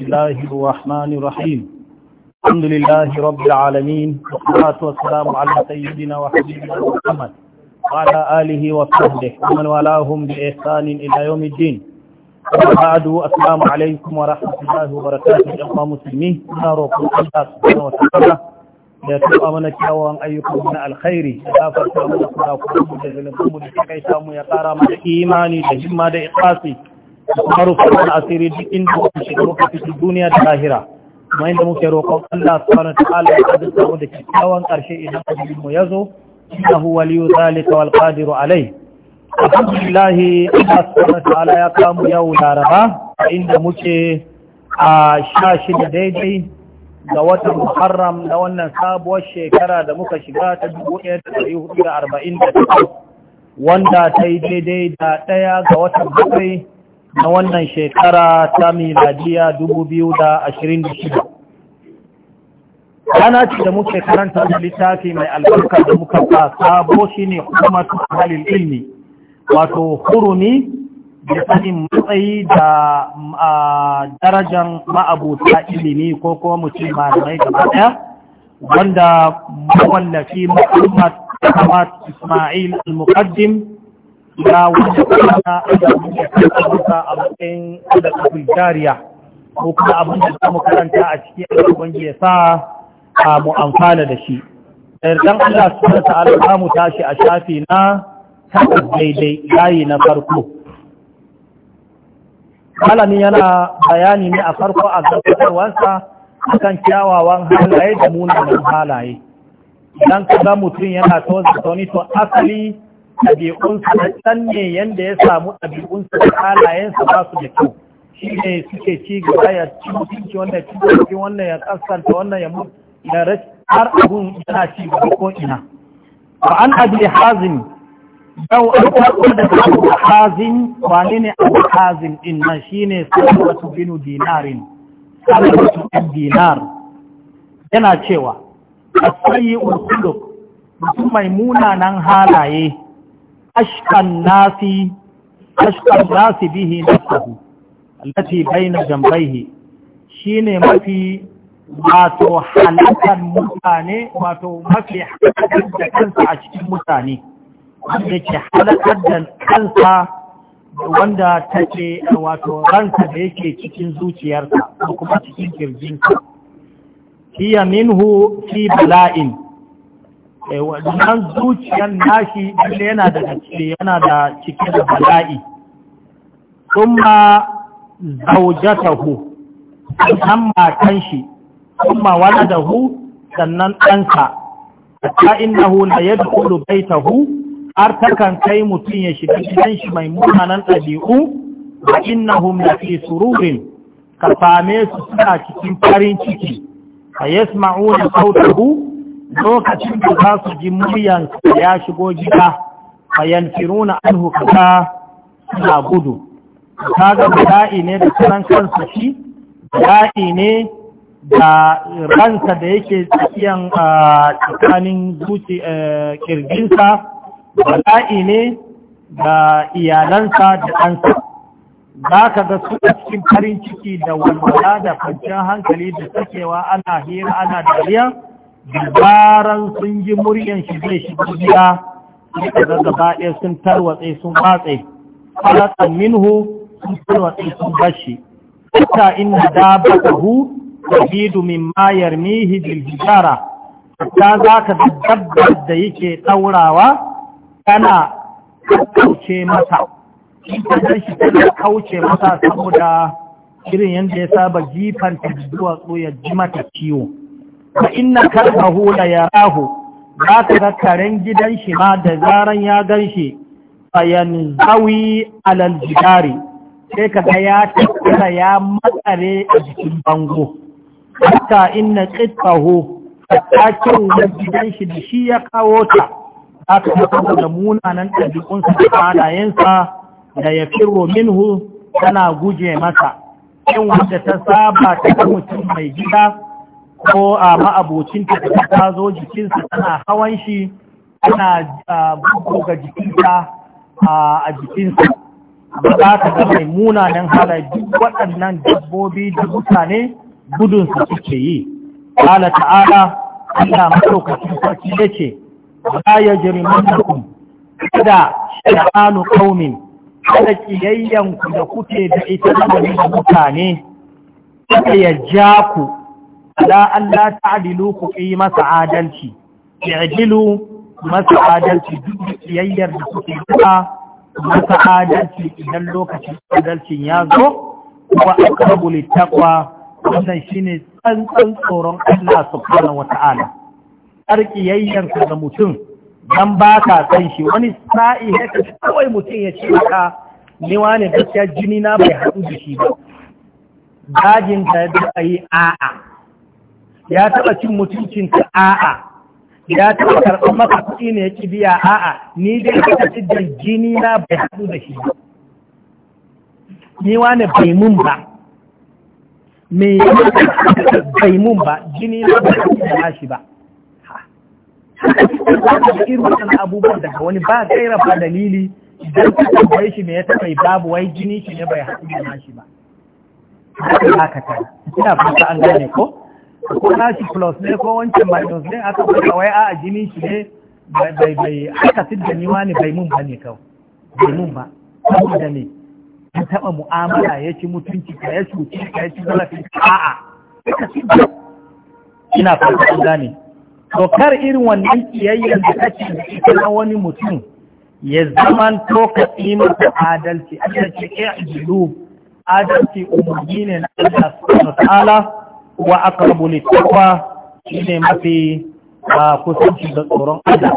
بسم الله الرحمن الرحيم الحمد لله رب العالمين والصلاة والسلام على سيدنا وحبيبنا محمد وعلى آله وصحبه ومن والاهم بإحسان إلى يوم الدين بعد السلام عليكم ورحمة الله وبركاته أخوة مسلمين ناركم الله سبحانه وتعالى da tuba mana kyawawan ayyukan na alkhairi da gafarta mana kurakuran da zalimin mu da kai samu ya kara mana imani da himma da ikhlasi faru kuma asiri duk inda muka shiga muka fito duniya da lahira kuma inda muke roƙon Allah subhanahu ta'ala ya azurta mu da kyakkyawan ƙarshe idan ajalin mu ya zo innahu waliyu zalika wal qadiru alai alhamdulillah Allah subhanahu ta'ala ya kamu yau laraba inda muke a sha shida daidai ga watan Muharram na wannan sabuwar shekara da muka shiga ta 1448 wanda ta yi daidai da ɗaya ga watan bakwai na wannan shekara ta miladiya 2026 da ce da muke karanta da littafi mai albarka da muka sa sabo shi ne hukumatu halin ilmi wato hurumi da sanin matsayi da darajan ma'abuta ilimi ko kuma mutum mai gaba ɗaya wanda mawallafi muhammad Ahmad Ismail al-Muqaddim na wata kasa da muke karanta a matsayin da kafin jariya ko kuma abin da za mu karanta a ciki a gaban ya sa a mu amfana da shi Ɗan Allah subhanahu ta'ala za mu tashi a shafi na tabbas daidai layi na farko malamin yana bayani ne a farko a a akan kyawawan halaye da munanan halaye idan ka ga mutum yana tozata wani to asali ɗabi'unsa na can ne yadda ya samu ɗabi'unsa da halayensa ba su da kyau shi ne suke ci gaba ya ci mutunci ya ci mutunci wannan ya kaskanta wannan ya mutu ya rashi har abun yana ci gaba ko ina wa an abi hazin yau an karɓo da abu hazin wane ne abu hazin din nan shi ne salwatu binu dinarin salwatu bin dinar yana cewa a sayi ulkuluk mutum mai munanan halaye ashkan nasi nasi bihi nafsuhu allati baina jambaihi, shine mafi wato halakan mutane wato mafi halakar da kansa a cikin mutane wanda ke da kansa wanda ta a wato ranka da yake cikin zuciyarsa ko kuma cikin kirjinsa hiya minhu fi bala'in wannan zuciyar nashi inda yana da cike yana da cike da bala'i kuma zaujatahu sannan matan shi kuma waladahu sannan ɗansa hatta innahu la yadkhulu baitahu har takan kai mutum ya shiga gidan shi mai munanan ɗabi'u wa innahum la fi sururin ka same su suna cikin farin ciki fa yasma'una sautahu lokacin da za su ji muryan ya shigo gida bayan firuna an hukata suna gudu ta ga bala'i ne da karan kansa shi bala'i ne da ransa da yake tsakiyan a tsakanin zuci kirginsa bala'i ne da iyalansa da ɗansa za ka ga suna cikin farin ciki da walwala da kwanciyar hankali da sakewa ana hira ana dariya dabaran sun ji muryan shi zai shi gida suka gaba ɗaya sun tarwatse sun watse falakan minhu sun tarwatse sun bashi da hu da hidu min mayar yarmihi bil hijara za ka dabbar da yake ɗaurawa tana kauce mata. masa idan shi tana kauce mata saboda irin yadda ya saba jifanta da duwatsu ya ji mata ciwo fa inna kalbahu la yarahu za ka ga karen gidan shi ma da zaran ya gan shi fa yanzawi alal jidari sai ka ga ya tattara ya matsare a jikin bango hatta inna qitfahu tattakin gidan shi da shi ya kawo ta za ka ga da munanan ɗabi'unsa da halayensa da ya firro hu? tana guje masa in wanda ta saba ta mutum mai gida ko a ma'abocinta da ta zo jikinsa tana hawan shi tana ga jikinsa a jikinsa amma za ka ga mai munanan hala duk waɗannan dabbobi da mutane gudunsa suke yi ala ta'ala Allah maɗaukacin sarki ya ce ba ya jiri kada sha'anu kaumin kada ku da kuke da ita da mutane kada ya ja ku ala Allah ta'dilu ku yi masa adalci i'dilu masa adalci duk yayyar da kuke duka masa adalci idan lokacin adalcin ya zo wa aqrabu littaqwa wannan shine tsantsan tsoron Allah subhanahu wata'ala tsarkiyayyar ka da mutum dan ba ka san shi wani sa'i haka kawai mutum ya ce haka, ni wani gaskiya jini na bai hadu da shi ba dajin da ya yi a'a ya taɓa cin mutuncin mutuncinka a'a ya taɓa karɓar maka kuɗi ne ya ƙi biya a'a ni dai ka da jini na bai haɗu da shi ni wane bai mun ba me bai mun ba jini na bai haɗu da shi ba haka da irin wannan abubuwan daga wani ba gaira ba dalili don ka tambaye shi me ya taɓa yi, babu wai jini shi ne bai haɗu da shi ba. Haka ka tana. Ina fata an gane ko? ko nashi plus ne ko wancan minus ne aka kuma wai a jini shi ne bai bai aka da ni ne bai mun ba ne kawai bai mun ba saboda ne ya taɓa mu'amala ya ci mutunci ka ya cuci ka ya ci zalafi a'a aka fidda ina fata an gane to kar irin wannan kiyayyen da kake da ita wani mutum ya zaman to ka tsimar da adalci Allah ce ya ajilu adalci umarni ne na Allah subhanahu wa ta'ala wa aqrabu littaqwa shine mafi kusanci da tsoron Allah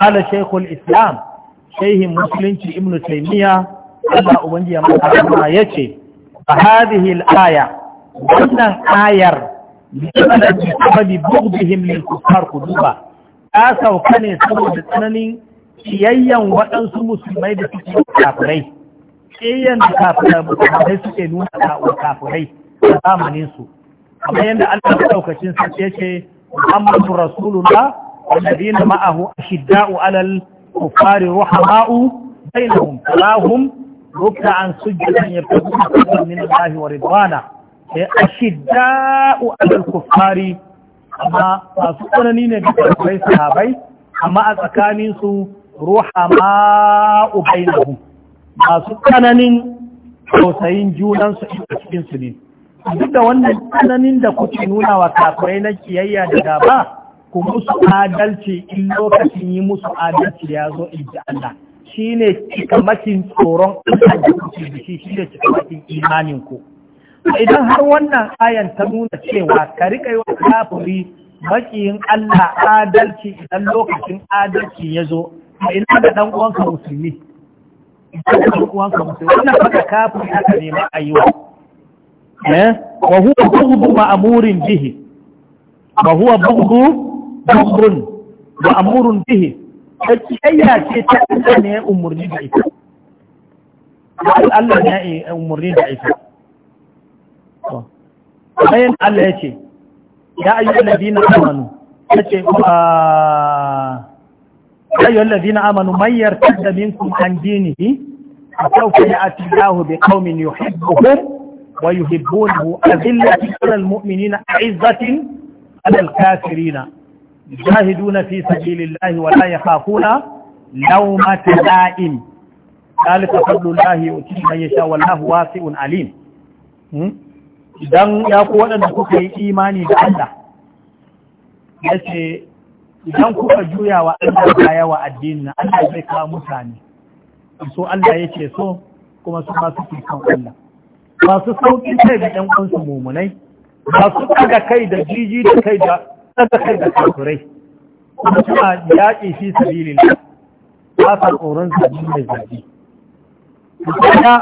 qala shaykhul islam shaihin musulunci ibn taymiya Allah ubangi ya masa yace fa hadhihi al-aya wannan ayar bi bughdihim lil kuffar quduba ta sauka ne saboda tsananin kiyayyan waɗansu musulmai da suke kafirai kiyayyan da kafirai suke nuna kafirai a zamaninsu kamar yadda Allah ɗauka ɗaukacin sace ce Muhammadu Rasuluna alladina ma'ahu ashidda'u alal kufari ruhama'u bainahum salahum rukta an sujjadan ya fi kusa min Allah wa ridwana ya ashidda'u alal kufari amma masu tsanani ne ga kai sahabai amma a tsakanin su ruhama'u bainahum masu tsananin tausayin junan su a cikinsu ne duk da wannan tsananin da kuke nuna wa kafirai na kiyayya da gaba ku musu adalci in lokacin yi musu adalci ya zo in ji Allah shi ne cikamakin tsoron Allah da kuke bishi shi ne cikamakin imanin ku idan har wannan ayan ta nuna cewa ka riƙa yi wa kafiri makiyin Allah adalci idan lokacin adalci ya zo a ina da ɗan uwanka musulmi ɗan uwanka musulmi wannan baka kafin haka ne ma a yi wa وهو بغض مأمور به وهو بغض بغض مأمور به فالشيء شيء أمرني بعيسا وقال الله نائي أمرني بعيسا فأين قال له يتي يا أيها الذين آمنوا يتي آه، يا أيها الذين آمنوا من يرتد منكم عن دينه فسوف يأتي الله بقوم يحبهم ويحبونه أذلة على المؤمنين أعزة على الكافرين يجاهدون في سبيل الله ولا يخافون لومة لائم ذلك فضل الله يؤتيه من يشاء والله واسع عليم idan ya ku waɗanda kuka yi imani da Allah ya idan kuka juya wa Allah baya wa addini na Allah zai kawo mutane so Allah ya ce so kuma su ma suke kan Allah masu sauƙi kai da ɗan kunsu mummunai masu ɗaga kai da jiji da kai da ɗaga kai da kafirai kuma suna yaƙi fi sabilin ba sa tsoron zabi mai zabi kuma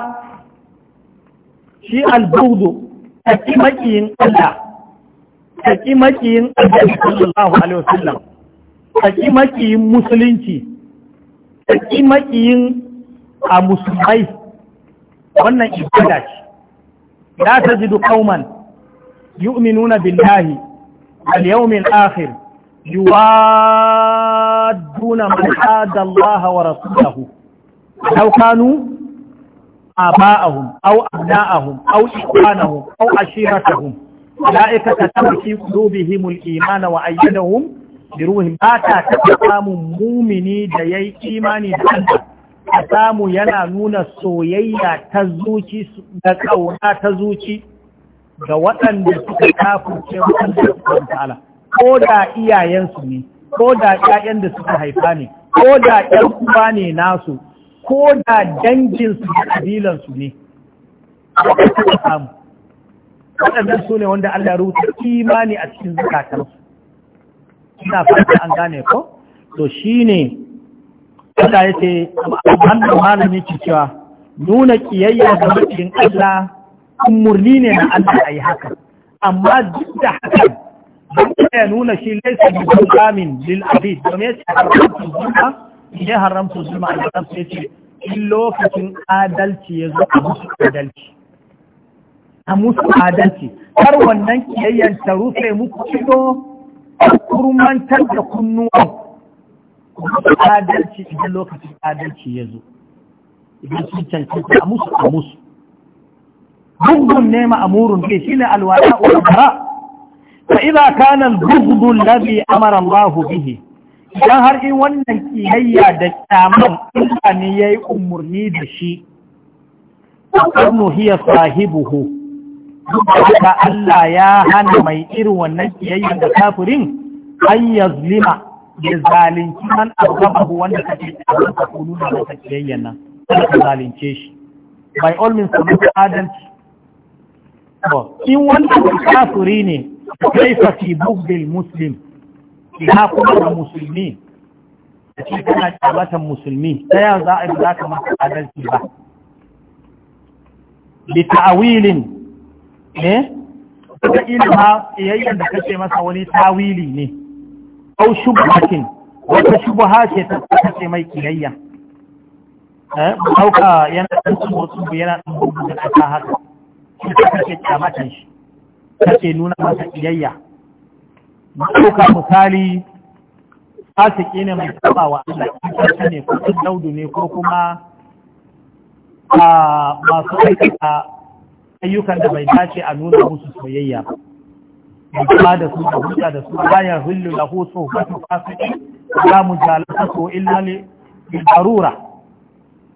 shi albudu ta ƙi maƙiyin Allah ta ƙi maƙiyin Allah sallallahu alaihi wasallam ƙi maƙiyin musulunci ta ƙi maƙiyin a musulmai wannan ibada ce لا تجد قوما يؤمنون بالله اليوم الآخر يوادون من حاد الله ورسوله لو كانوا آباءهم أو أبناءهم أو إخوانهم أو عشيرتهم أولئك كتب في قلوبهم الإيمان وأيدهم بروهم باتا تتقام مؤمني ديي إيماني بأنه a samu yana nuna soyayya ta zuci da ƙauna ta zuci ga waɗanda suka kafurce waɗanda suka ta'ala ko da iyayensu ne ko da ƴaƴan da suka haifa ne ko da ƴan uwa ne nasu ko da danginsu da su ne waɗannan su ne wanda Allah rubuta imani a cikin su. ina fata an gane ko to shine Allah ya ce wannan malami ke cewa nuna kiyayya ga mutum Allah murni ne na Allah a yi haka amma duk da hakan ba ya nuna shi laisa bi zulmin lil abid domin ya ce haramtu zulma ya haramtu zuma a yaran sai ce in lokacin adalci ya zo a musu adalci a musu adalci har wannan kiyayyan ta rufe muku ido kurmantar da kunnuwan adalci idan lokacin adalci ya zo idan sun cancanta a musu a musu bugun ne ma'amurun ke shi ne alwala ulama fa idza kana al alladhi amara Allah bihi idan har in wannan kiyayya da kyaman Allah ne yayi umurni da shi karnu hiya sahibuhu da Allah ya hana mai irin wannan kiyayya da kafirin an yazlima ya zalunci man abu wanda kake abin ka kunu da masa kiyayyen nan ka zalunce shi by all means kamar adalci in wanda kafiri ne kaifa fi bugdil muslim ina kuma da musulmi da shi kana kyamatan musulmi ta yaya za a yi za ka masa adalci ba bi ta'awilin ne eh? ta ilimin yayyan da kace masa wani tawili ne au shubhatin wata shubha ce ta kace mai kiyayya eh dauka yana dan wasu yana dan bugun da ta haka shi kace kyamatan shi kace nuna masa kiyayya dauka misali fasiki ne mai saba wa Allah kanta ne ko daudu ne ko kuma a ah, masu aikata ayyukan da bai dace a nuna musu soyayya ba ba da su da huta da su bayan hullu da hoto wato fasiki za mu jalasa so illa ne darura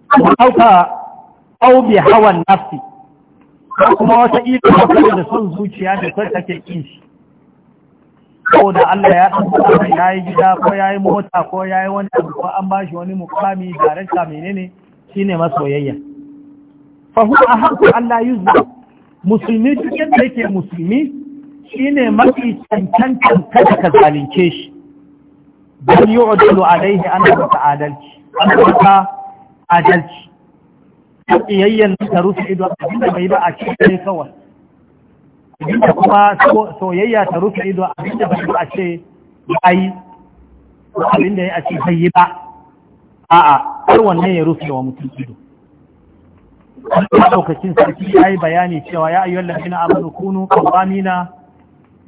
ko hauka au bi hawan nafsi kuma wata iko da son zuciya da son take kin shi ko da Allah ya tabbata ya yi gida ko ya yi mota ko ya yi wani abu ko an bashi wani mukami daraka menene shine masoyayya fa huwa ahqqu an la yuzna musulmi duk yadda yake musulmi shi ne mafi cancantan kada ka zalince shi don yi wa odalu alaihi ana mata adalci ana ta adalci ƙiyayyen da rufe ido abinda bai ba a cikin kawai abinda kuma soyayya ta rufe ido abinda bai ba a ce ya yi ko abinda ya ce bai yi ba a'a har wannan ya rufe wa mutum ido wani lokacin sarki ya yi bayani cewa ya ayyuan lafina amanu kunu kawamina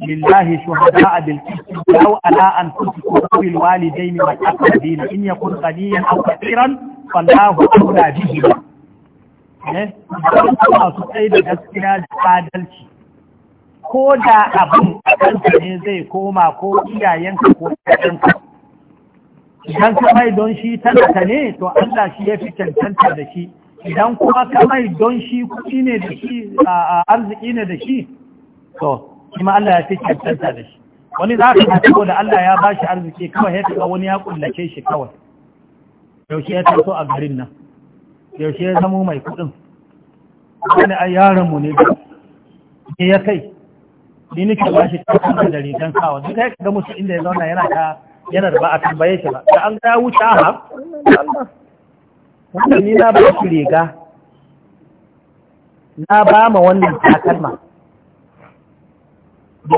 لله شهداء بالقسط أو على أنفسكم أو الوالدين والأقربين إن يكن غنيا أو فقيرا فالله أولى بهما masu da gaskiya da adalci ko da abin kanka ne zai koma ko iyayenka ko ƴaƴanka idan ka mai don shi talaka ne to Allah shi ya fi cancanta da shi idan kuma ka mai don shi kuɗi ne da shi arziki ne da shi to shi ma Allah ya fi cancanta da shi wani za ka tafi da Allah ya bashi arziki kawai ya taɓa wani ya kullace shi kawai yaushe ya taso a garin nan yaushe ya zamo mai kuɗin wani a mu ne ne ya kai ni nake ba shi takan da rigan sawa duk ya ga musu inda ya zauna yana ta yana da ba a tambaye shi ba da an ga wuce ha Wannan ni na ba shi riga na ba ma wannan takalma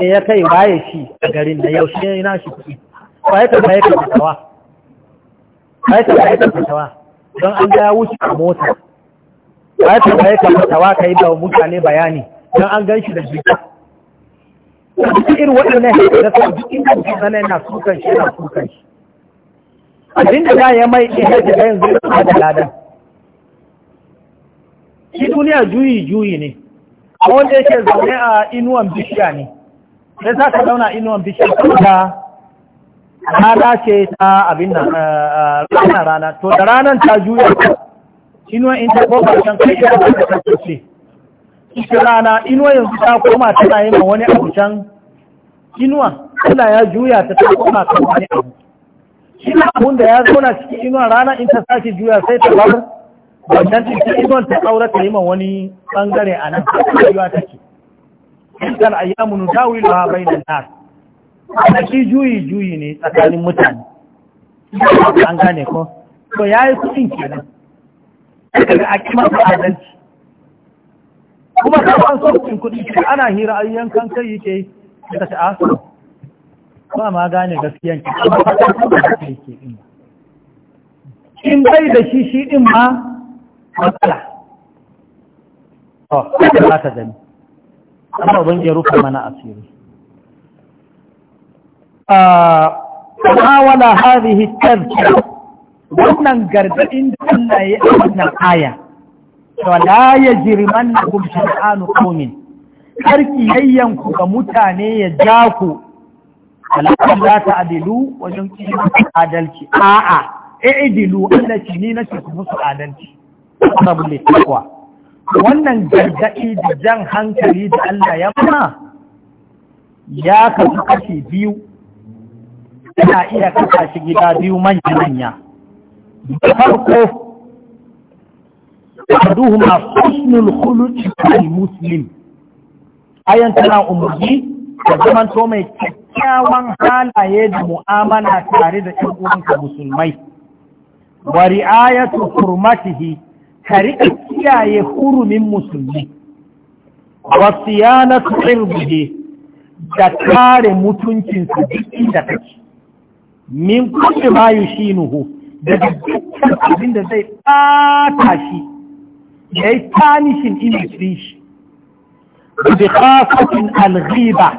ne ya kai waye shi a garin da yaushe na shi kuɗi ba ya taɓa ya tafi tawa ba ya tafi ya tawa don an ga wuce a mota ba ya taɓa ya tafi tawa ka yi da mutane bayani don an gan shi da jika duk irin waɗannan da sa duk inda mutum zana yana sukan shi na sukan shi abinda za ya mai ɗin hajji ɗayan zai kuma da ladan shi duniya juyi juyi ne a wanda yake zaune a inuwan bishiya ne sai za ka zauna inuwan bishiyar ta dace ta abin nan eh, eh, rana rana to da ranar ta juya inuwan in ta koma can kai ita ba ta kasance ita rana inuwa yanzu ta koma tana yin wani abu can inuwa Allah ya juya ta ta koma kai wani abu shi abun da ya zauna cikin inuwa rana in ta sake juya sai ta bar wannan cikin inuwan ta tsaura ta yi ma wani bangare a nan ta juya take tilka al-ayyamu nudawiluha bainan nas shi juyi juyi ne tsakanin mutane an gane ko to yayi kudin kenan daga a kima ta adalci kuma ka san so kudin kudi ana hira ayyan kan kai yake da ta asu ba ma gane gaskiyan ki amma ba ta kuma yake din in bai da shi shi din ma matsala to ba ta gani amma ban ya rufe mana asiri wala hadhihi tazkira wannan gargadin da Allah ya yi a wannan aya to la yajrimannakum shan'anu qawmin karki yayyan ku ga mutane ya ja ku alaƙar za ta adilu wajen adalci a'a e idilu Allah ni na adalci rabu wannan gargaɗi da jan hankali da Allah ya mana ya kasu kashi biyu yana iya kasa shi gida biyu manya-manya da farko ahaduhuma husnul khuluqi al Musulun, ayan tana umarni da zaman to mai kyakkyawan halaye da mu'amala tare da ƴan uwanka musulmai wari ri'ayatu hurmatihi ka riƙa kiyaye hurumin musulmi na siyanatu irbihi da kare mutuncinsu duk inda take min kulli ma nuhu daga dukkan abin da zai ɓata shi ya yi tanishin imitri shi bi khasatin alghiba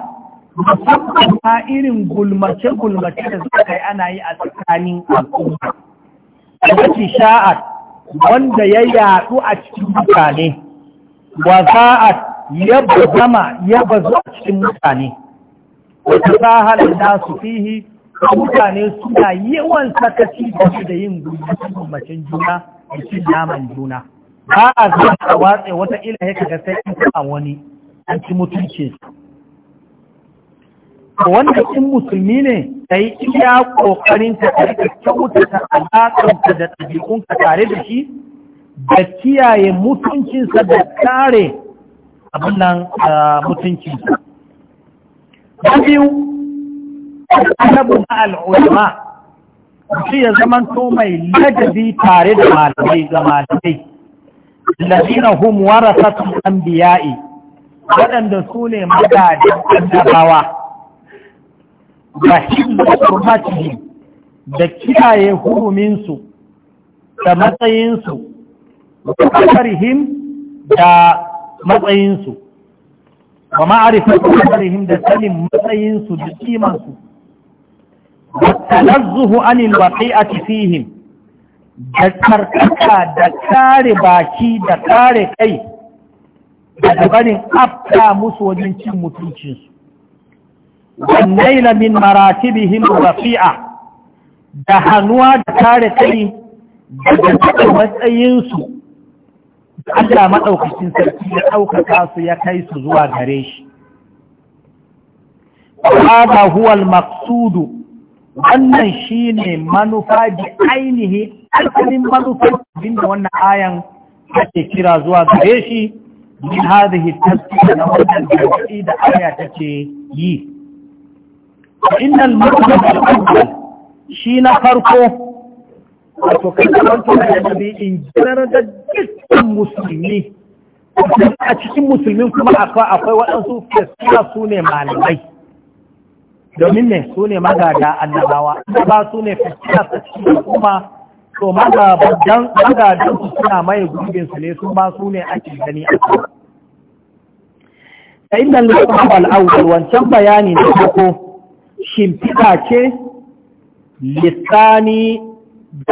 musamman ma irin gulmace-gulmace da suka kai ana yi a tsakanin al'umma da sha'ar wanda ya yaɗu a cikin mutane wa za'at ya bazama ya bazu a cikin mutane Wata wa da nasu fihi mutane suna yawan sakaci da su da yin gudun juna da cin naman juna ba a zuwa watsa wata ila ya kaga sai a wani an ci mutunci wanda in musulmi ne ka yi iya ƙoƙarin ka tare da kyautata alaƙarta da ɗabi'unka tare da shi da kiyaye mutuncinsa da kare abin nan mutuncinsa. Na biyu, alabu na al'ulama, shi ya zama to mai ladabi tare da malamai ga malamai, lalina hum warasatun waɗanda su ne magadan annabawa. da hibba da kiyaye huruminsu da matsayinsu da kasarihim da matsayinsu wa ma'arifatu kasarihim da sanin matsayinsu da kimansu da talazzuhu anil a cikin da karkata da kare baki da kare kai da barin afta musu wajen cin mutuncinsu wannaila min maratibihim rafi'a da hannuwa da kare kai daga cikin matsayinsu Allah maɗaukacin sarki ya ɗaukaka su ya kai su zuwa gare shi. Hada huwal maksudu wannan shi ne manufa da ainihi alkalin manufa da wannan ayan ake kira zuwa gare shi min hadhihi tasbiya na wannan gargaɗi da aya take yi. فإن المرتبة الأول شينا فرقه wato kan kamantar da annabi in jirar da dukkan musulmi a cikin musulmin kuma akwai akwai waɗansu fesiya su ne malamai domin ne su ne magada annabawa ba su ne fesiya su cikin kuma to magadan su suna maye gurbin su ne su ma su ne ake gani a kuma ta inda lissafin al'awar wancan bayani na farko shimfiɗa ce lissani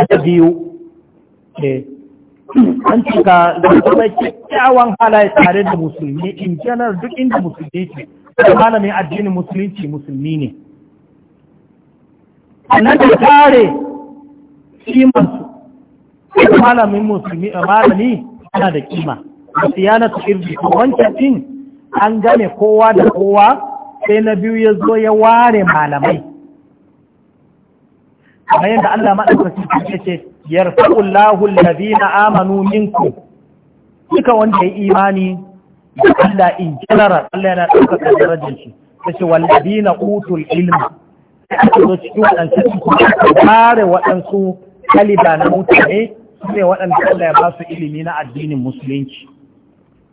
da biyu eh, an cika zama kyakkyawan halaye tare da musulmi in janar duk inda musulmi ce da malamin addinin musulunci musulmi ne nan da tare kimansu da malamin musulmi a eh, malami yana da kima da siyanatu irbi wancan din an gane kowa da kowa sai na biyu ya zo ya ware malamai kamar yadda Allah maɗaukaki ya ce yarfa'ullahu allazina amanu minku duka wanda ya imani da Allah in general Allah yana ɗaukaka darajar shi tace wallazina utul ilmi. sai aka zo cikin waɗansu ware waɗansu kaliba na mutane ne waɗanda Allah ya ba su ilimi na addinin musulunci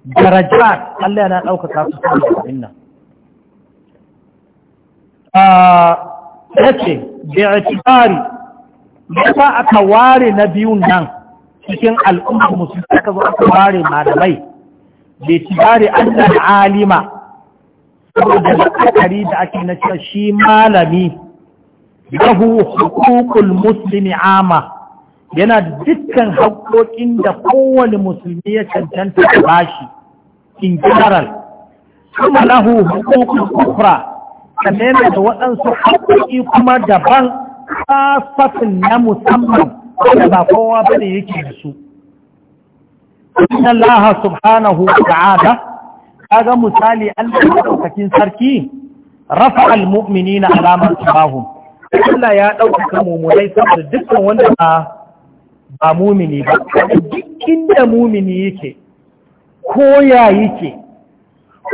darajat Allah yana ɗaukaka su kan abin nan ya ce da itibari yasa aka ware na biyun nan cikin al'ummar musulmi aka zo aka ware malamai da an da alima saboda la'akari da ake na cewa shi malami yahu hukukul muslimi ama yana dukkan haƙoƙin da kowane musulmi ya cancanta da bashi in general kuma lahu hukukul kufra sannan yana da waɗansu haƙoƙi kuma daban kasafin na musamman da ba kowa ba ne yake da su inna Allah subhanahu wa ta'ala kaga misali Allah madaukakin sarki rafa almu'minina alaman sabahum Allah ya ɗaukaka mummunai saboda dukkan wanda ba mumini ba duk inda mumini yake ko ya yake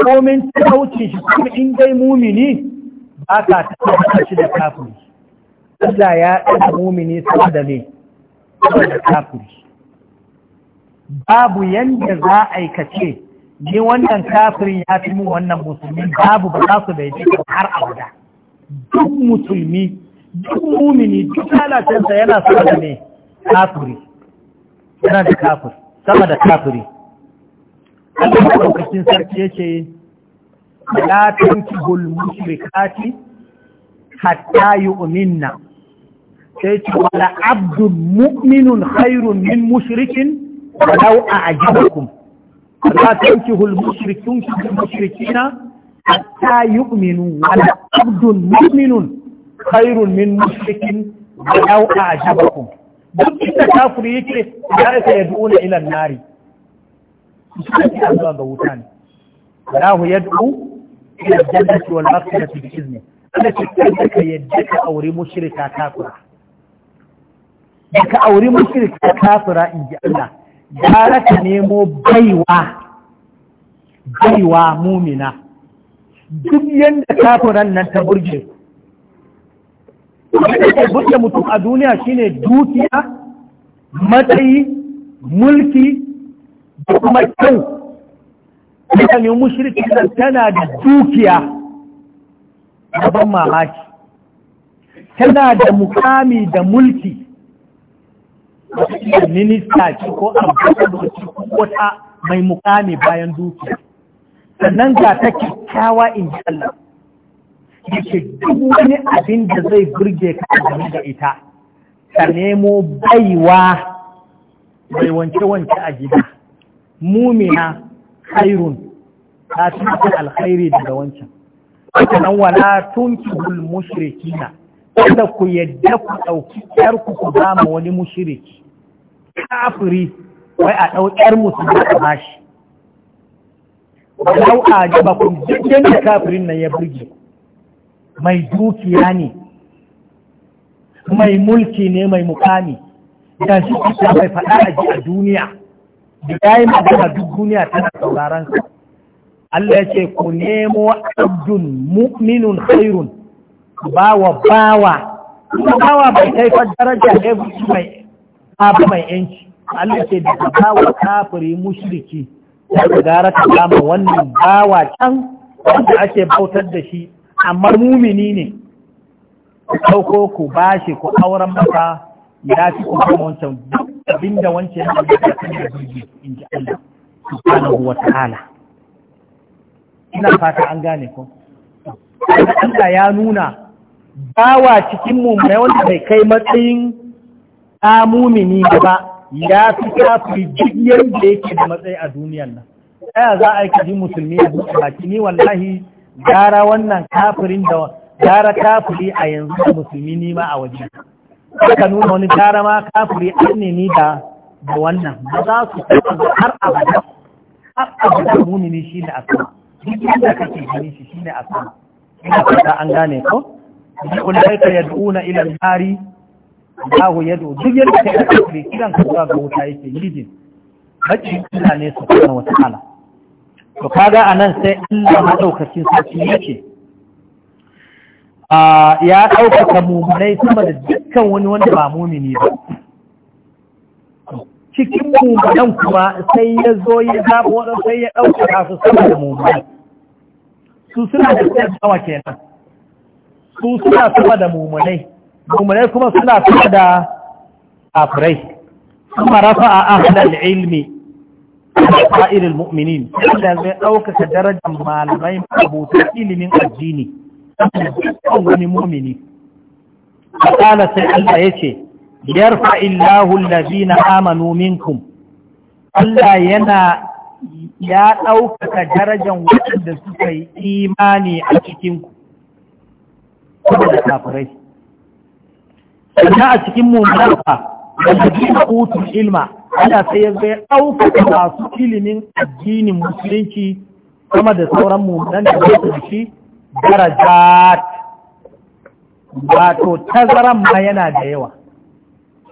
komin talauci shi kuma in dai mumini aka tafiya shi da kafiri Allah ya ɗaga mumini sama da ne da kafiri babu yadda za a aikace ni wannan kafirin ya fi mu wannan musulmi babu ba za su da yake har wada. duk musulmi duk mumini duk lalacinsa yana sama da ne kafiri yana da kafiri sama da kafiri Allah ya ɗaukacin sarki ya ce la tankihul mushrikati hatta yu'minna sai ce wala abdun mu'minun khairun min mushrikin walau a ajabakum la tankihul mushrikun mushrikina hatta yu'minu wala abdun mu'minun khairun min mushrikin walau a ajabakum duk inda kafiri yake ya isa ya duna ilan nari suka ci zuwa ga wuta ne Allahu yad'u ila jannati wal maghfirati bi izni Allah ka yadda ka aure mushrika kafira da ka aure mushrika kafira in ji Allah gara ka nemo baiwa baiwa mumina duk yadda kafiran nan ta burge ku burge mutum a duniya shine dukiya matsayi mulki da kuma kyau mutane mushriki tana da dukiya gaban mamaki tana da mukami da mulki wata minista ce ko ambasador ko wata mai mukami bayan dukiya sannan ga ta kyakkyawa in ji Allah ke duk wani abin da zai burge ka game da ita ka nemo baiwa mai wance-wance a gida mumina khairun ta fi alkhairi daga wancan wata nan wala mushriki na kada ku yadda ku ɗauki ƴarku ku zama wani mushriki kafiri wai a ɗau ƴar musulmi a bashi walau a jaba kun jirgin da kafirin nan ya burge mai dukiya ne mai mulki ne mai mukami da shi mai faɗa a duniya da ya yi magana duk duniya tana sauraron sa Allah ya ce ku nemo abdun mu'minun khairun bawa bawa kuma bawa bai kai fa daraja ne mai abu mai yanci Allah ce da bawa kafiri mushriki ya gara ta kama wannan bawa can wanda ake bautar da shi amma mumini ne ɗauko ku bashi ku auren masa ya fi kuma wancan abinda wancan ya fi da kan da jirgi in ji Allah subhanahu wa ta'ala ina fata an gane ko Allah ya nuna bawa cikin mu mai wanda bai kai matsayin amumini ba ya fi kafin jiyar da yake da matsayi a duniyar nan ɗaya za a yi musulmi a buɗe baki ni wallahi gara wannan kafirin da gara kafiri a yanzu da musulmi nima a wajen aka nuna wani tara ma kafiri an nemi da da wannan ba za su har abada har abada mumini shi ne a sama duk inda kake ni shi shi ne a sama ina fata an gane ko kun dai ka yad'una ila al-hari Allahu yad'u duk yadda kai kafuri, kiran ka zuwa ga wuta yake yi. bacci Allah ne subhanahu wata ala. to kaga anan sai Allah madaukakin sarki yake ya ɗaukaka mummunai sama da dukkan wani wanda ba mumini ba cikin mummunan kuma sai ya zo ya zaɓa waɗansu sai ya ɗaukaka su sama da mummunai su suna da tsawa kenan su suna sama da mummunai mummunai kuma suna sama da kafirai kuma rafa a ahlal ilmi a irin mu'minin da zai ɗaukaka darajar malamai abuta ilimin addini wani mumini qala sai Allah ya ce, yarfa illahu na amanu minkum Allah yana ya ɗaukaka darajan waɗanda suka yi imani a cikinku da kafirai sannan a cikin mummunarsa da jina utun ilma ana sai ya zai ɗaukaka masu ilimin addinin musulunci sama da sauran mummunan da su shi darajat wato tazaran ma yana da yawa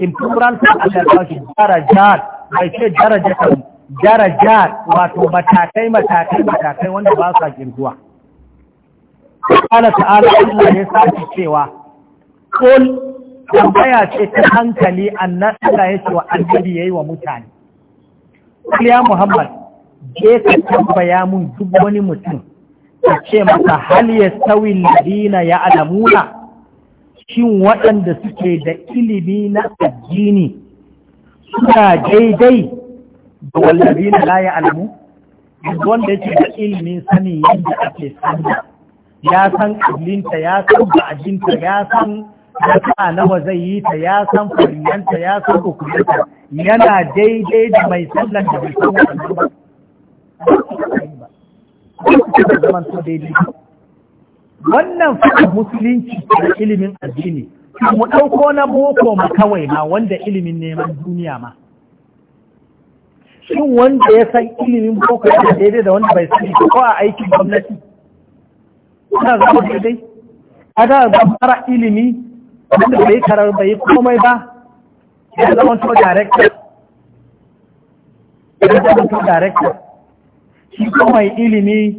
in turan ta aka kashi darajat bai ce darajatan darajat wato matakai matakai matakai wanda ba sa kirguwa Allah ta'ala Allah ya sake cewa kul tambaya ce ta hankali annan Allah ya ce wa annabi yayi wa mutane ya Muhammad je ka tambaya mun duk wani mutum ta ce masa hal ya sauyin ladina ya alamuna shin waɗanda suke da ilimi na addini suna daidai da wallabina la ya alamu wanda yake da ilimin sani yadda ake sani ya san ƙablinta ya san ba'ajinta ya san raka nawa zai yi ta ya san fariyanta ya san kukuranta yana daidai da mai sallan da bai san wannan ba da zaman su daidai wannan fara musulunci da ilimin addini mu ɗauko na boko ma kawai ma wanda ilimin neman duniya ma shin wanda ya san ilimin boko yana daidai da wanda bai sani ko a aikin gwamnati ana zama daidai ana zama ilimi wanda bai karar bai komai ba ya zama to director ya zama to director shi mai ilimi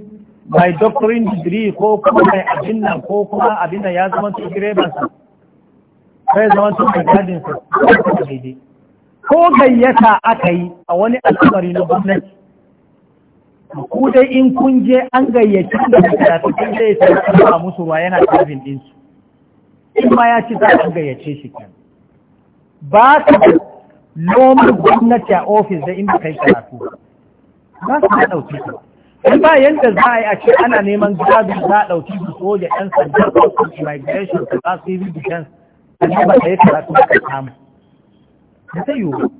mai doctorin degree ko kuma mai abin nan ko kuma abin da ya zama su direbansa sai zama su mai sa, ko gayyata aka yi a wani al'amari na gwamnati ku dai in kun je an gayyaci da kun zai sai a musu ruwa yana tarbin ɗinsu in ma ya ci za a gayyace shi kan ba ka da gwamnati a ofis da inda kai karatu ba su da ɗauki su in ba yadda za a yi a ce ana neman gadi za a ɗauki su soja ɗan sanda ko su immigration ko za su yi bidiyan a ne ba da yi karatu da ka samu da ta yiwu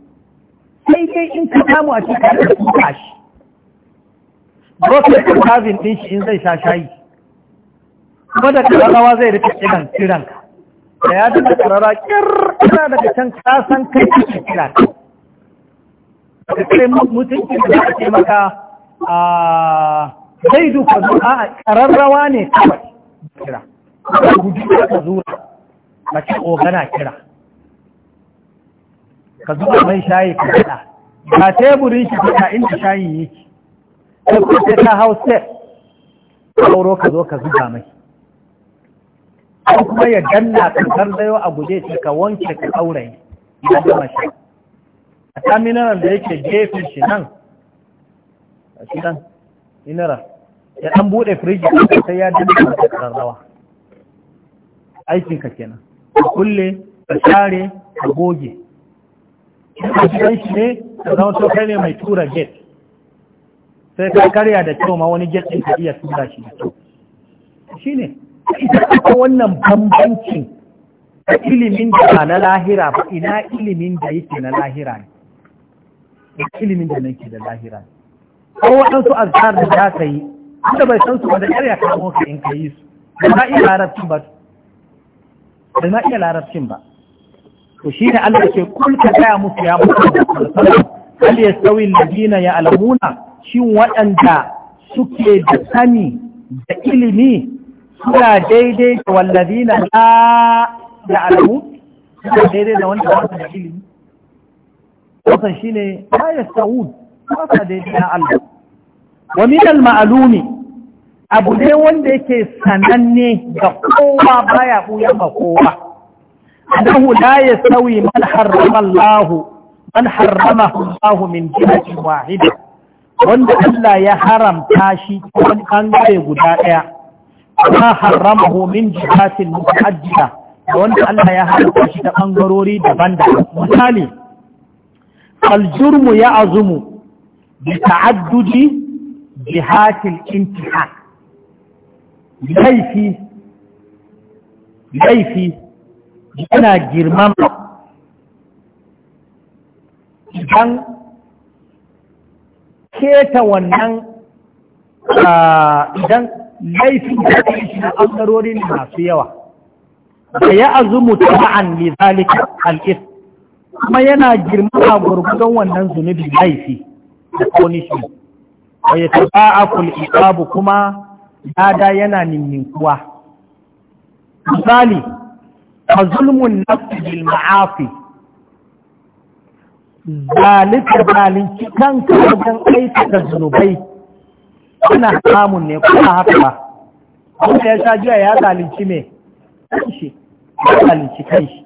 sai dai in ka samu a cikin da su ba shi Rokar kazin ɗin shi in zai sha shayi, kuma da kararrawa zai rike kiran kiranka, da ya duka kararra kirkira daga can kasan kai kira ka. sai mutuncin da ake maka a zai duka zuwa a ƙararrawa ne kawai kira guji ka zura mace ogana kira ka zuwa mai shayi ka faɗa ba teburin shi faɗa inda shayin yake Ka kuma ta hau step sauro ka zo ka zuba mai ko kuma ya danna ka zarzayo a guje ka wanke ka ɗaurayi ya gama shi ta mineral da yake gefe shi nan a shi nan ya ɗan bude firiji sai ya dinga da ƙararrawa aikinka kenan ka kulle ka share ka goge a gidan shi ne ka zama to kai ne mai tura get? sai ka karya da kyau ma wani get ɗin ka iya tura shi da kyau shi ne ita wannan bambancin ilimin da na lahira ba ina ilimin da yake na lahira ne da ilimin da nake da lahira ko waɗansu azkar da za ka yi wanda bai san su ba da ƙarya ya kamo ka in ka yi su da za iya larabcin ba ba ma iya larabcin ba to shi ne Allah ke kul ka gaya musu ya musu da hal ya sauyi ladina ya alamuna shin waɗanda suke da sani da ilimi suna daidai da wallazina la ya alamu suna daidai da wanda ba su da ilimi wasan shine ne ba ya sa'ud da Allah wa minal ma'alumi abu ne wanda yake sananne ga kowa baya buya kowa annahu la yastawi man harrama Allah man harramahu Allah min jihati wahida wanda Allah ya haramta shi wani bangare guda ɗaya ma haramahu min jihatin mutaaddida wanda Allah ya haramta shi ta bangarori daban-daban misali aljurmu ya azumu bi ta'addudi jihatil intihar laifi yana girmama idan keta wannan idan laifin da ta yi masu yawa da ya azumu ta'an li zalika al'is kuma yana girma a gurgudan wannan zunubi laifi da punishment wa ya a akul babu kuma dada yana ninninkuwa misali fa zulmun nafsi bil ma'afi zalika zalunci karfin aiki da zunubai kuna samun ne kuma haka wanda ya sha jiya ya zalunci mai kanshi ya zalunci kanshi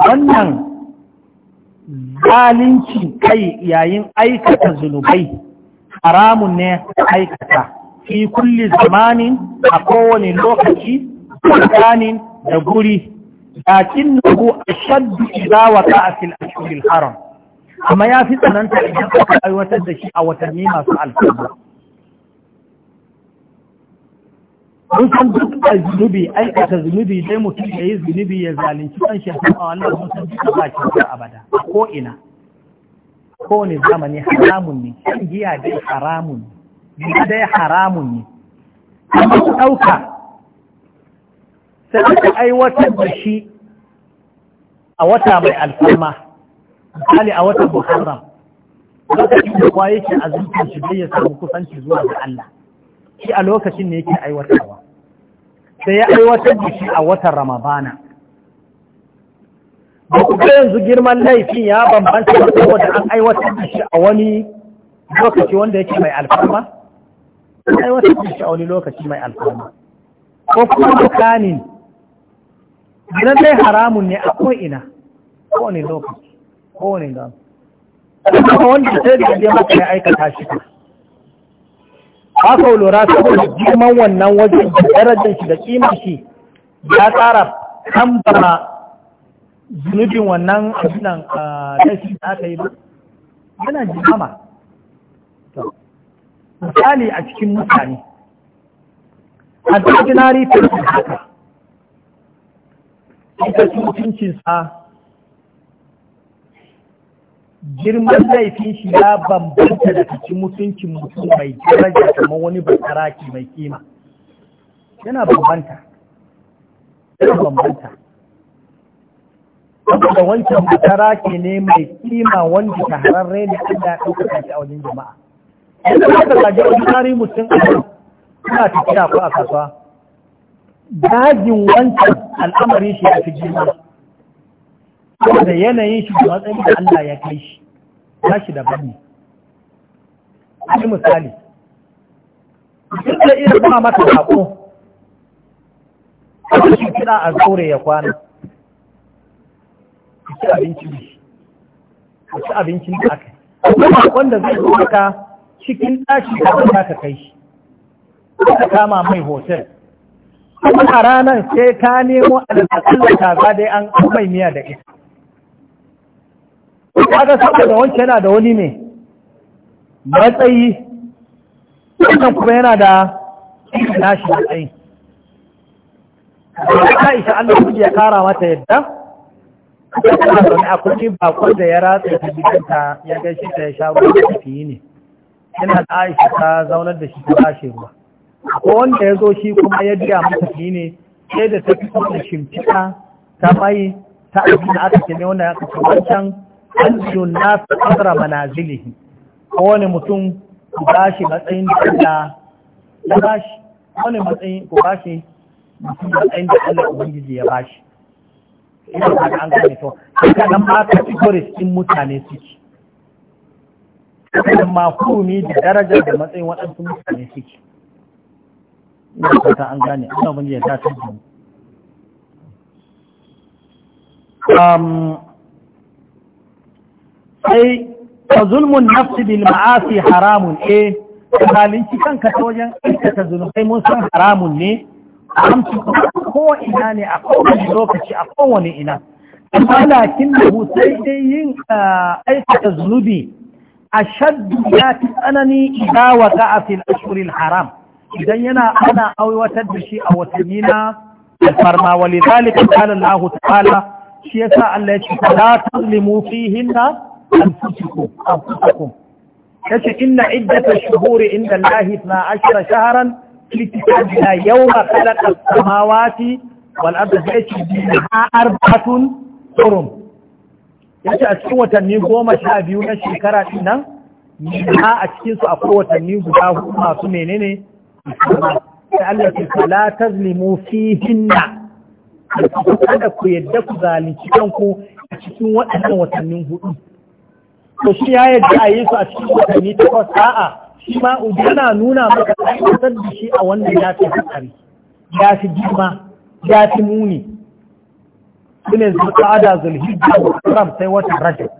wannan zalunci kai yayin aikata zunubai haramun ne aikata fi kulli zamanin a kowane lokaci tsakanin da guri lakin nuhu a shaddu wa ta a fil haram amma ya fi tsananta idan aka aiwatar da shi a watanni masu alfarma mun san duk da zunubi aikata zunubi sai mutum ya yi zunubi ya zalunci kan shi a wannan mun san duka ba shi da abada a ko ina ko ne zamani haramun ne shan giya dai haramun ne giya dai haramun ne amma ku ɗauka sai aka aiwatar da shi a wata mai alfarma misali a watan muharram lokacin da kwaye ke azumtar shi dai ya samu kusanci zuwa ga Allah shi a lokacin ne yake aiwatarwa da ya aiwatar da shi a watan ramadana ba ku ga yanzu girman laifin ya bambanta da saboda an aiwatar da shi a wani lokaci wanda yake mai alfarma an aiwatar da shi a wani lokaci mai alfarma ko kuma makanin idan dai haramun ne a ko'ina kowane lokaci kowane gama wanda sai da ya maka ya aikata shi ba. haka lura saboda girman wannan wajen darajar shi da kimar shi ya tsara kambama zunubin wannan abinan laifi da aka yi ba yana jimama misali a cikin mutane a ordinary person haka ita cinsa. girman laifin shi ya bambanta da cikin mutuncin mutum mai daraja kamar wani bakaraki mai kima yana bambanta yana bambanta saboda wancan bakaraki ne mai kima wanda ta hararre ne an da ɗaukaka shi a wajen jama'a yadda ba ka gaji wani tsari mutum a yau suna tafiya ko a kasuwa dajin wancan al'amarin shi ya fi girma da yanayin shi da matsayin da Allah ya kai shi tashi da ne ai misali duk da iya ba mata haƙo a cikin kiɗa a tsore ya kwana a ci abinci ne a ci abincin da aka akwai sakon wanda zai zo ka cikin tashi da za ka kai shi ka kama mai hotel kuma a ranar sai ka nemo alaƙaƙalla ta dai an mai miya da ita kaga saboda wancan yana da wani ne matsayi wannan kuma yana da nashi matsayi isa Allah ya kara mata yadda kuma a akwai bakon da ya ratsa ta gidanta ya gaishe ta ya sha wani da yi ne yana da aisha ta zaunar da shi ta lashe ruwa ko wanda ya zo shi kuma ya biya mata fiye ne sai da ta fi shimfiɗa ta mai ta aiki da aka ne wanda ya kasa wancan an su nasu mana zilihi kowane mutum ku bashi matsayin da Allah ya bashi kowane matsayin ku bashi mutum matsayin da Allah ubangiji ya bashi ina ba an gane to haka nan ma categories din mutane suke haka ma da darajar da matsayin waɗansu mutane suke ina fata an gane ina ubangiji ya ta tabbata sai ka zulmun nafsi bil ma'asi haramun eh ka halinci kanka ta wajen aikata zunubai mun san haramun ne amsu ko ina ne a kowane lokaci a kowane ina amma lakin da sai dai yin ah, aikata zunubi a shaddu ya fi tsanani idan waka a fil ashuril haram idan yana ana aiwatar da shi a watanni na alfarma wali zalika qala Allah ta'ala shi yasa Allah ya ce la tuzlimu fihinna أنفسكم أنفسكم كش إن عدة الشهور عند الله 12 شهرا في كتابنا يوم خلق السماوات والأرض زيت منها أربعة حرم yace a cikin watanni goma sha biyu na shekara ɗin nan ha a cikinsu akwai watanni guda hudu masu menene sai Allah ce fala tazlimu fihinna kada ku yadda ku zalunci kanku a cikin waɗannan watannin hudu to shi ya yadda a yi su a cikin watanni takwas a'a shi ma yana nuna maka aiwatar da shi a wannan ya fi hatsari ya fi girma ya fi muni su ne zulhijja wa haram sai watan rajab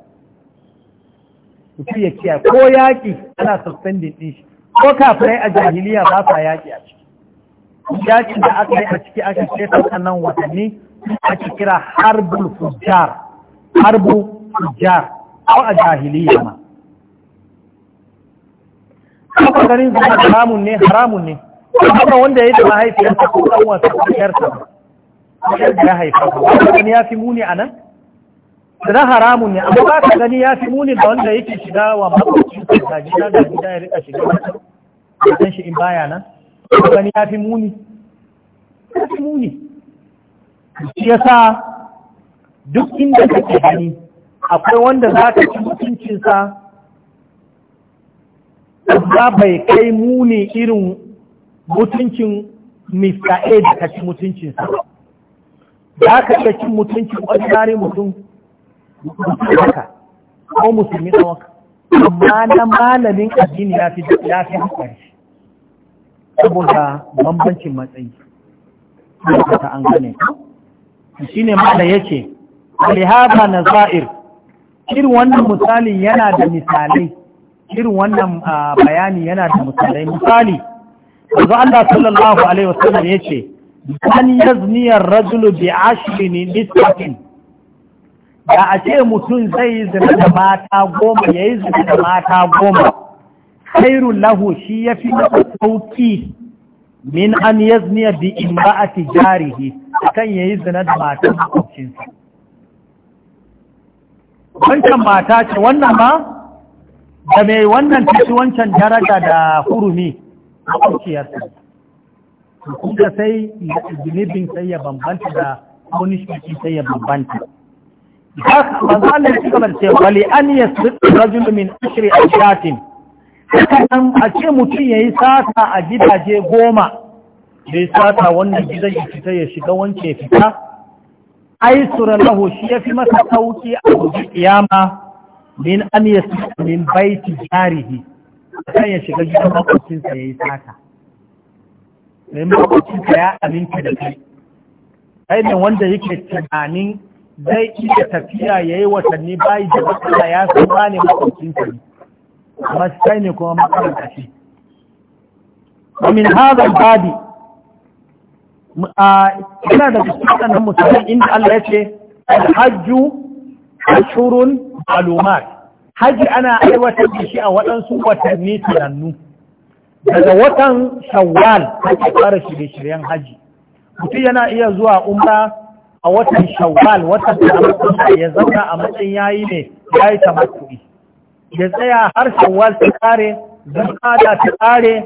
mutum ya kiyaye ko yaƙi ana suspending ɗin shi ko kafirai a jahiliya ba sa yaƙi a ciki yaƙin da aka yi a ciki aka ce nan watanni ake kira harbul fujjar harbu fujjar ko a jahiliya ma kuma ganin zina haramun ne haramun ne kuma wanda ya yi da mahaifiyarsa ko ɗan wasa ƙaryarsa ƙaryar ya haifa wani ya fi muni anan? nan haramun ne amma ba ka gani ya fi muni da wanda yake shiga wa makwacin da gida da gida ya rika shiga mata shi in baya nan ko gani ya fi muni ya fi muni shi yasa duk inda kake gani akwai wanda za ka ci mutuncinsa za bai kai muni irin mutuncin Mr. A da ka ci mutuncinsa za ka iya cin mutuncin gari mutum haka ko musulmi tsawaka amma na malamin addini ya fi haƙari. saboda bambancin matsayi ta an gane shi ne ma da yake na za'ir. irin wannan misali yana da misalai irin wannan bayani yana da misalai misali yanzu Allah sallallahu alaihi wasallam yace an yazni ar-rajulu bi ashrin nisfatin da a ce mutum zai yi zina da mata goma ya yi zina da mata goma khairun lahu shi ya fi masa sauki min an yazniya bi imra'ati jarihi kan ya yi zina da mata makwabcinsa wancan mata ce wannan ma da mai wannan tashi wancan daraja da hurumi a ƙunciyarsa kuma sai zunubin sai ya bambanta da punishment sai ya bambanta manzo Allah ya kamar ce wali an yasriq rajul min a shatin hakan a ce mutum ya yi sata a gidaje goma yi sata wannan gidan ya fita ya shiga wanke fita aisura lahu shi ya fi masa sauki a guji kiyama min an ya min baiti jarihi kan ya shiga gidan makwacinsa ya yi sata sai makwacinsa ya aminta da kai ainihin wanda yake tunanin zai iya tafiya ya yi watanni bayi da matsala ya san ba ne makwacinsa ne amma sai ne kuma makaranta shi ومن هذا الباب yana da waɗannan musulman inda Allah ya ce hajju ashurun malumat haji ana aiwatar da shi a waɗansu watanni tunannu daga watan shawwal ake fara shirye-shiryen haji mutum yana iya zuwa umra a watan shawwal watan da ya zauna a matsayin yayi ne yayi tamattu'i ya tsaya har shawwal ta kare zulqa'ada ta kare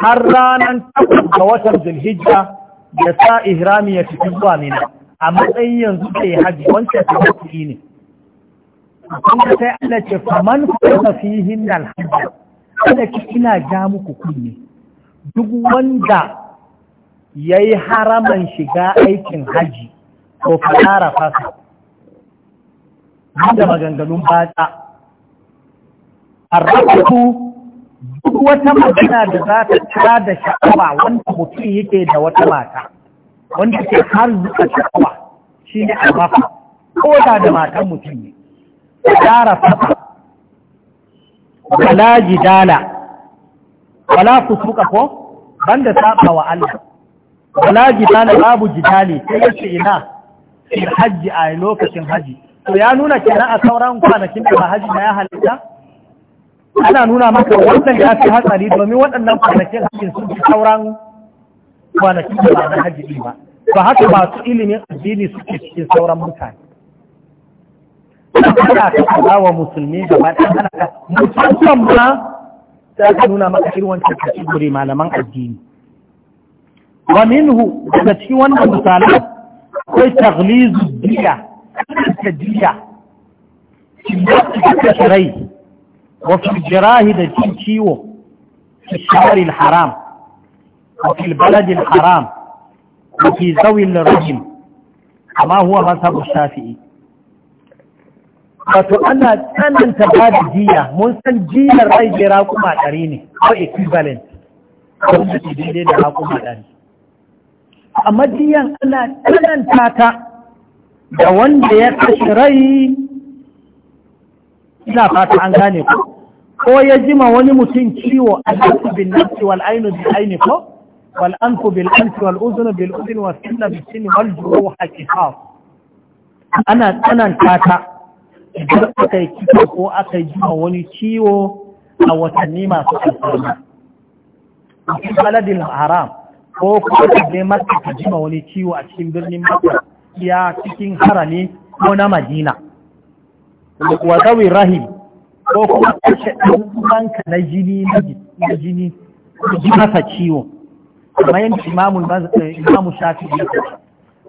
har ranar takwas ga watan zulhijja ya sa ihrami ya cikin zuwa mina a matsayin yanzu ke haji wancan ta haƙi ne kuma sai Allah ce kaman kuma fihin nan hajji kada ki ina ja muku kunne duk wanda ya yi haraman shiga aikin haji ko fara fasa da maganganun batsa arrafatu duk wata magana da za ta cira da sha'awa wanda mutum yake da wata mata wanda ke har zuwa sha'awa shi ne mafa ko da da matan mutum ne tsara fata wala jidala wala kusuka ko banda saba wa Allah wala jidala babu jidali sai yace ina fil hajji a lokacin haji to ya nuna kenan a sauran kwanakin da ba haji na ya halitta ana nuna maka wannan ya fi hatsari domin waɗannan kwanakin hajjin sun fi sauran kwanakin da ba na hajji ba ba haka ba su ilimin addini suke cikin sauran mutane ana ka kula wa musulmi gaba ɗaya ana ka musamman ma za aka nuna maka irin wancan kashi malaman addini wa minhu daga cikin wannan misalan akwai taglizu diya ta diya rai وفي الجراح دجين شيو في الشهر الحرام وفي البلد الحرام وفي ذوي الرحم كما هو مذهب الشافعي wato ana tsananta ba da jiya mun san jiyar rai da raƙuma ɗari ne ko equivalent wanda ke daidai da raƙuma ɗari amma jiyan ana tsananta ta da wanda ya kashe rai ina fata an gane ku ko ya jima wani mutum ciwo a nafsu bin nafi wal ainu bil aini ko wal anfu bil anfi wal uzunu bil uzun wa sinna bil sinni wal juruha ha ana tsanan tata, idan aka yi kika ko aka yi jima wani ciwo a watanni masu alfarma a cikin aladin haram ko kuma ne masa ka jima wani ciwo a cikin birnin masa ya cikin harami ko na madina wa zawi rahim ko kuma kashe ɗan uwanka na jini na jini ji masa ciwo kamar yadda imamu eh, imamu shafi ya ce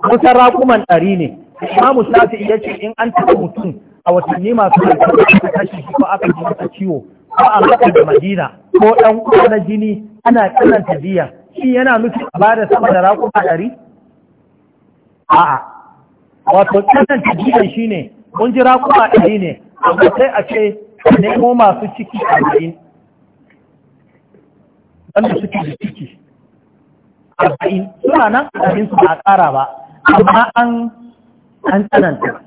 kusa raƙuman ɗari ne imamu shafi ya ce in an taɓa mutum a watanni masu alfarma da kashe shi ko aka ji masa ciwo ko a maka da madina ko ɗan uwa na jini ana tsananta biya shi yana nufin a bada sama da raƙuma ɗari a'a wato tsananta biyan shi ne mun jira kuma ɗari ne amma sai a ce nemo masu ciki a ɗari wanda suke da ciki a ɗari suna nan ɗari su ba ƙara ba amma an an tsananta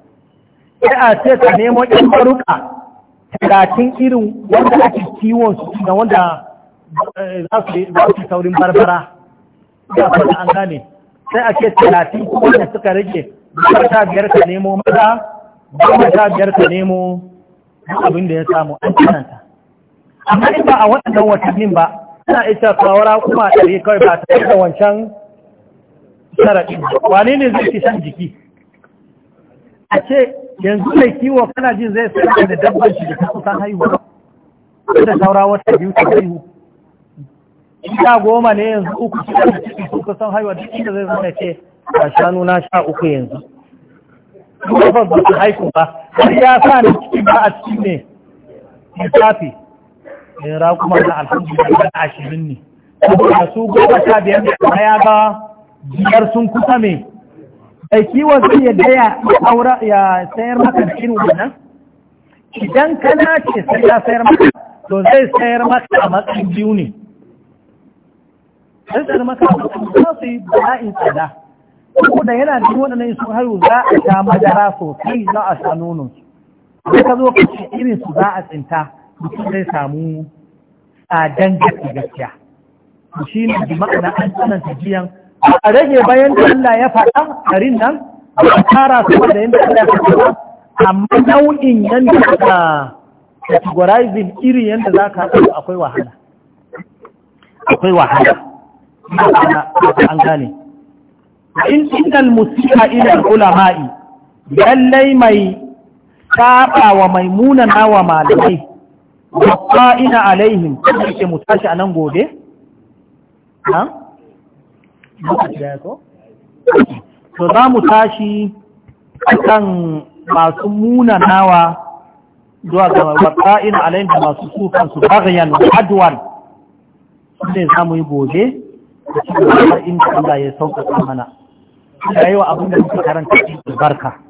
sai a ce ta nemo ƴan baruka talatin irin wanda ake kiwon su da wanda eh, za su saurin barbara da fata an gane sai a ce talatin kuma da suka rage biyar ta biyar ka nemo maza goma ta biyar ta nemo abin da ya samu an tananta amma in ba a waɗannan watannin ba ana isa tsawara kuma a ɗari kawai ba ta da wancan sharaɗi wane ne zai fi shan jiki a ce yanzu mai kiwo kana jin zai sayar da dabban shi da ta kusan haihuwa da saura wata biyu ta haihu sha goma ne yanzu uku shi da cikin kusan haihuwa duk inda zai zama ce a shanu na sha uku yanzu duwafan ba su haiku ba har ya sa ni cikin ba a cikin ne lissafi ya eh, ra kuma na alhamdulillah ashirin ne saboda su goma sha biyar da kuma ya ga biyar sun kusa me da kiwon su yadda ya aura ya sayar maka cikin wannan idan kana ce sai ya sayar maka to zai sayar maka a matsayin biyu ne zai sayar maka a matsayin biyu ne zai sayar maka a matsayin biyu ne Ko da yana cikin waɗannan su haru za a sha madara sosai za a sha nono sai ka zo kashi irin su za a tsinta su zai samu tsadan gaske gaskiya shi ne bi ma'ana an tsananta jiyan a rage bayan da Allah ya faɗa garin nan a tara su da yadda Allah ya faɗa amma nau'in yadda aka categorizing irin yadda za ka haɗa akwai wahala akwai wahala an gane in innal musiha ila ulama'i lallai mai saba wa maimuna na wa malamai wa ina alaihim kuma ke mu tashi anan gobe ha to za mu tashi kan masu muna nawa zuwa ga wata'in alayin da masu su kan su bagayan adwan ne za mu yi gobe da cikin har inda Allah ya sauka mana Allah yawa abin da muka karanta barka